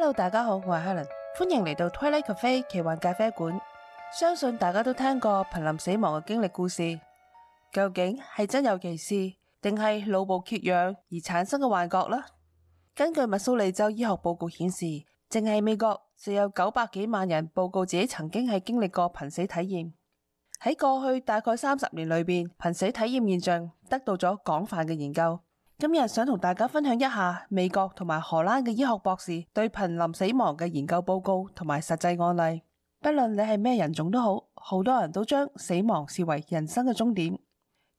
hello，大家好，我係 Helen，歡迎嚟到 Twilight Cafe 奇幻咖啡館。相信大家都聽過瀕臨死亡嘅經歷故事，究竟係真有其事，定係腦部缺氧而產生嘅幻覺呢？根據密蘇里州醫學報告顯示，淨係美國就有九百幾萬人報告自己曾經係經歷過瀕死體驗。喺過去大概三十年裏邊，瀕死體驗現象得到咗廣泛嘅研究。今日想同大家分享一下美國同埋荷蘭嘅醫學博士對瀕臨死亡嘅研究報告同埋實際案例。不論你係咩人種都好，好多人都將死亡視為人生嘅終點。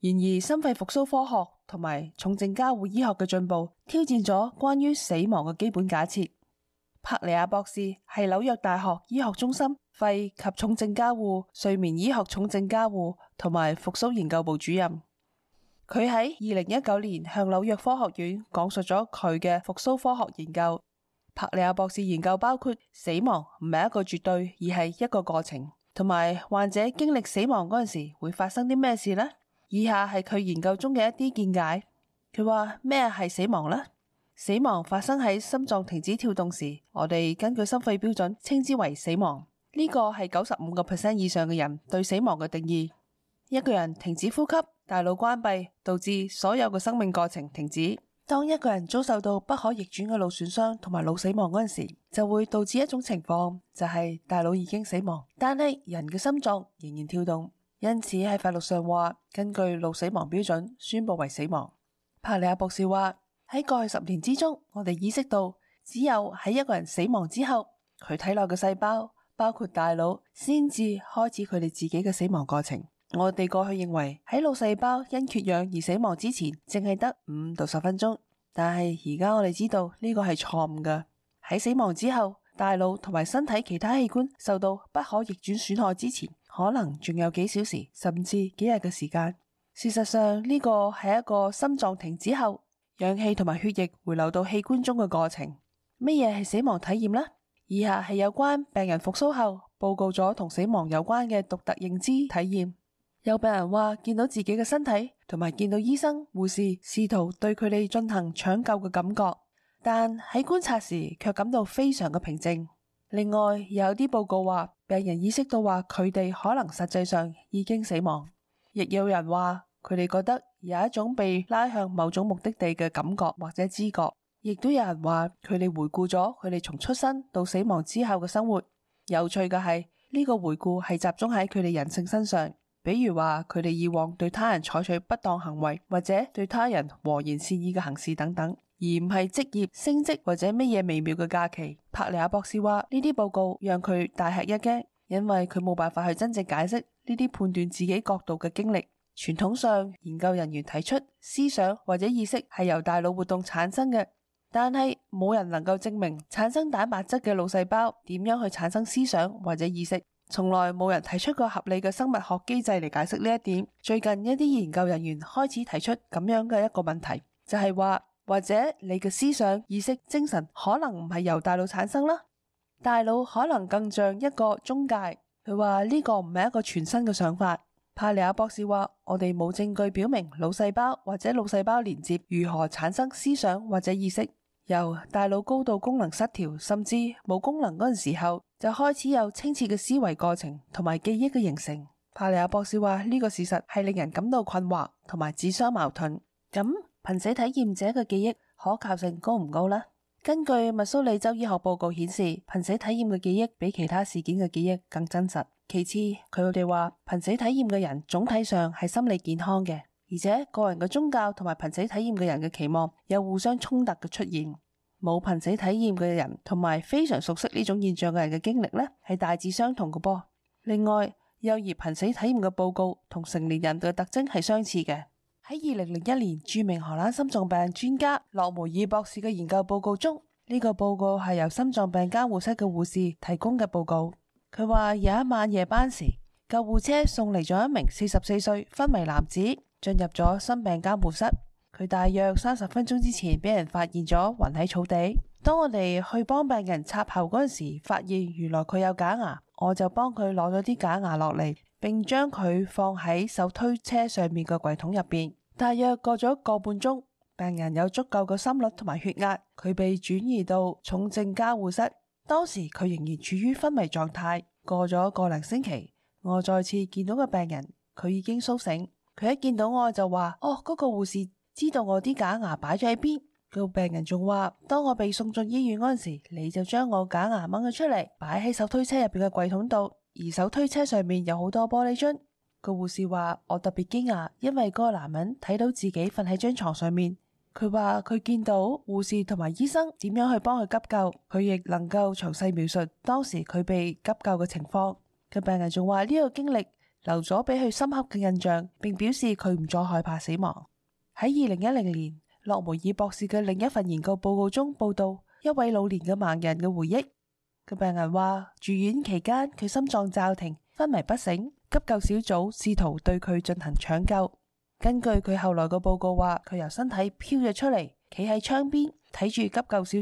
然而，心肺復甦科學同埋重症加護醫學嘅進步，挑戰咗關於死亡嘅基本假設。帕尼亞博士係紐約大學醫學中心，肺及重症加護、睡眠醫學重症加護同埋復甦研究部主任。佢喺二零一九年向紐約科學院講述咗佢嘅復蘇科學研究。帕利亞博士研究包括死亡唔係一個絕對，而係一個過程，同埋患者經歷死亡嗰陣時會發生啲咩事呢？以下係佢研究中嘅一啲見解。佢話咩係死亡呢？死亡發生喺心臟停止跳動時，我哋根據心肺標準稱之為死亡。呢個係九十五個 percent 以上嘅人對死亡嘅定義。一個人停止呼吸，大腦關閉，導致所有嘅生命過程停止。當一個人遭受到不可逆轉嘅腦損傷同埋腦死亡嗰陣時，就會導致一種情況，就係大腦已經死亡，但係人嘅心臟仍然跳動。因此喺法律上話，根據腦死亡標準宣布為死亡。帕里亞博士話：喺過去十年之中，我哋意識到只有喺一個人死亡之後，佢體內嘅細胞，包括大腦，先至開始佢哋自己嘅死亡過程。我哋過去認為喺腦細胞因缺氧而死亡之前，淨係得五到十分鐘。但係而家我哋知道呢個係錯誤嘅。喺死亡之後，大腦同埋身體其他器官受到不可逆轉損害之前，可能仲有幾小時甚至幾日嘅時間。事實上，呢個係一個心臟停止後，氧氣同埋血液回流到器官中嘅過程。乜嘢係死亡體驗呢？以下係有關病人復甦後報告咗同死亡有關嘅獨特認知體驗。有病人話見到自己嘅身體，同埋見到醫生、護士試圖對佢哋進行搶救嘅感覺，但喺觀察時卻感到非常嘅平靜。另外，有啲報告話病人意識到話佢哋可能實際上已經死亡。亦有人話佢哋覺得有一種被拉向某種目的地嘅感覺或者知覺。亦都有人話佢哋回顧咗佢哋從出生到死亡之後嘅生活。有趣嘅係，呢個回顧係集中喺佢哋人性身上。比如話佢哋以往對他人採取不當行為，或者對他人和言善意嘅行事等等，而唔係職業升職或者乜嘢微妙嘅假期。帕尼亞博士話呢啲報告讓佢大吃一驚，因為佢冇辦法去真正解釋呢啲判斷自己角度嘅經歷。傳統上，研究人員提出思想或者意識係由大腦活動產生嘅，但係冇人能夠證明產生蛋白質嘅腦細胞點樣去產生思想或者意識。從來冇人提出過合理嘅生物學機制，嚟解釋呢一點。最近一啲研究人員開始提出咁樣嘅一個問題，就係話或者你嘅思想、意識、精神可能唔係由大腦產生啦，大腦可能更像一個中介。佢話呢個唔係一個全新嘅想法。帕里亞博士話：我哋冇證據表明腦細胞或者腦細胞連接如何產生思想或者意識。由大腦高度功能失調，甚至冇功能嗰陣時候，就開始有清澈嘅思維過程同埋記憶嘅形成。帕尼亞博士話呢、這個事實係令人感到困惑同埋自相矛盾。咁、嗯、瀕死體驗者嘅記憶可靠性高唔高呢？根據密蘇里州醫學報告顯示，瀕死體驗嘅記憶比其他事件嘅記憶更真實。其次，佢哋話瀕死體驗嘅人總體上係心理健康嘅，而且個人嘅宗教同埋瀕死體驗嘅人嘅期望有互相衝突嘅出現。冇瀕死體驗嘅人，同埋非常熟悉呢種現象嘅人嘅經歷呢，係大致相同嘅噃。另外，幼兒瀕死體驗嘅報告同成年人嘅特徵係相似嘅。喺二零零一年，著名荷蘭心臟病專家洛梅爾博士嘅研究報告中，呢、這個報告係由心臟病監護室嘅護士提供嘅報告。佢話有一晚夜班時，救護車送嚟咗一名四十四歲昏迷男子，進入咗心病監護室。佢大約三十分鐘之前俾人發現咗，暈喺草地。當我哋去幫病人插喉嗰陣時，發現原來佢有假牙，我就幫佢攞咗啲假牙落嚟，並將佢放喺手推車上面嘅櫃桶入邊。大約過咗個半鐘，病人有足夠嘅心率同埋血壓，佢被轉移到重症加護室。當時佢仍然處於昏迷狀態。過咗個零星期，我再次見到個病人，佢已經甦醒。佢一見到我就話：哦，嗰個護士。知道我啲假牙擺咗喺邊，個病人仲話：當我被送進醫院嗰陣時，你就將我假牙掹咗出嚟，擺喺手推車入邊嘅櫃桶度。而手推車上面有好多玻璃樽。個護士話：我特別驚訝，因為個男人睇到自己瞓喺張床上面。佢話佢見到護士同埋醫生點樣去幫佢急救，佢亦能夠詳細描述當時佢被急救嘅情況。個病人仲話呢個經歷留咗俾佢深刻嘅印象，並表示佢唔再害怕死亡。喺二零一零年，洛梅爾博士嘅另一份研究報告中報道一位老年嘅盲人嘅回憶。個病人話，住院期間佢心臟驟停，昏迷不醒，急救小組試圖對佢進行搶救。根據佢後來嘅報告話，佢由身體飄咗出嚟，企喺窗邊睇住急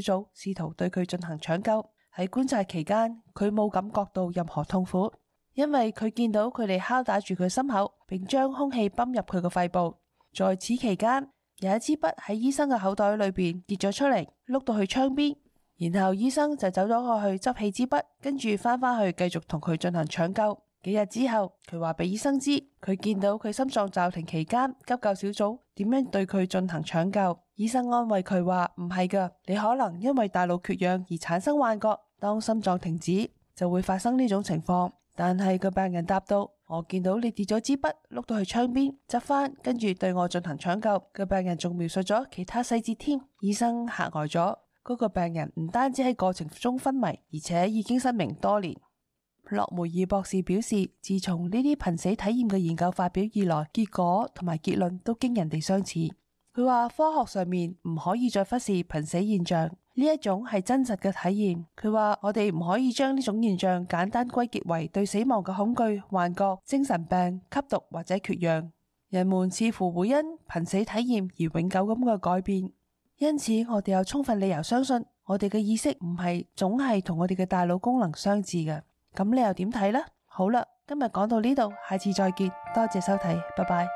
救小組試圖對佢進行搶救。喺觀察期間，佢冇感覺到任何痛苦，因為佢見到佢哋敲打住佢心口，並將空氣泵入佢嘅肺部。在此期間，有一支筆喺醫生嘅口袋裏邊跌咗出嚟，碌到去窗邊，然後醫生就走咗過去執起支筆，跟住翻返去繼續同佢進行搶救。幾日之後，佢話俾醫生知，佢見到佢心臟驟停期間急救小組點樣對佢進行搶救。醫生安慰佢話：唔係㗎，你可能因為大腦缺氧而產生幻覺，當心臟停止就會發生呢種情況。但係個病人答道。我見到你跌咗支筆，碌到去窗邊，執翻，跟住對我進行搶救。個病人仲描述咗其他細節添。醫生吓呆咗，嗰個病人唔單止喺過程中昏迷，而且已經失明多年。洛梅爾博士表示，自從呢啲瀕死體驗嘅研究發表以來，結果同埋結論都驚人哋相似。佢話科學上面唔可以再忽視瀕死現象。呢一種係真實嘅體驗，佢話我哋唔可以將呢種現象簡單歸結為對死亡嘅恐懼、幻覺、精神病、吸毒或者缺氧。人們似乎會因瀕死體驗而永久咁嘅改變，因此我哋有充分理由相信我哋嘅意識唔係總係同我哋嘅大腦功能相似嘅。咁你又點睇呢？好啦，今日講到呢度，下次再見，多謝收睇，拜拜。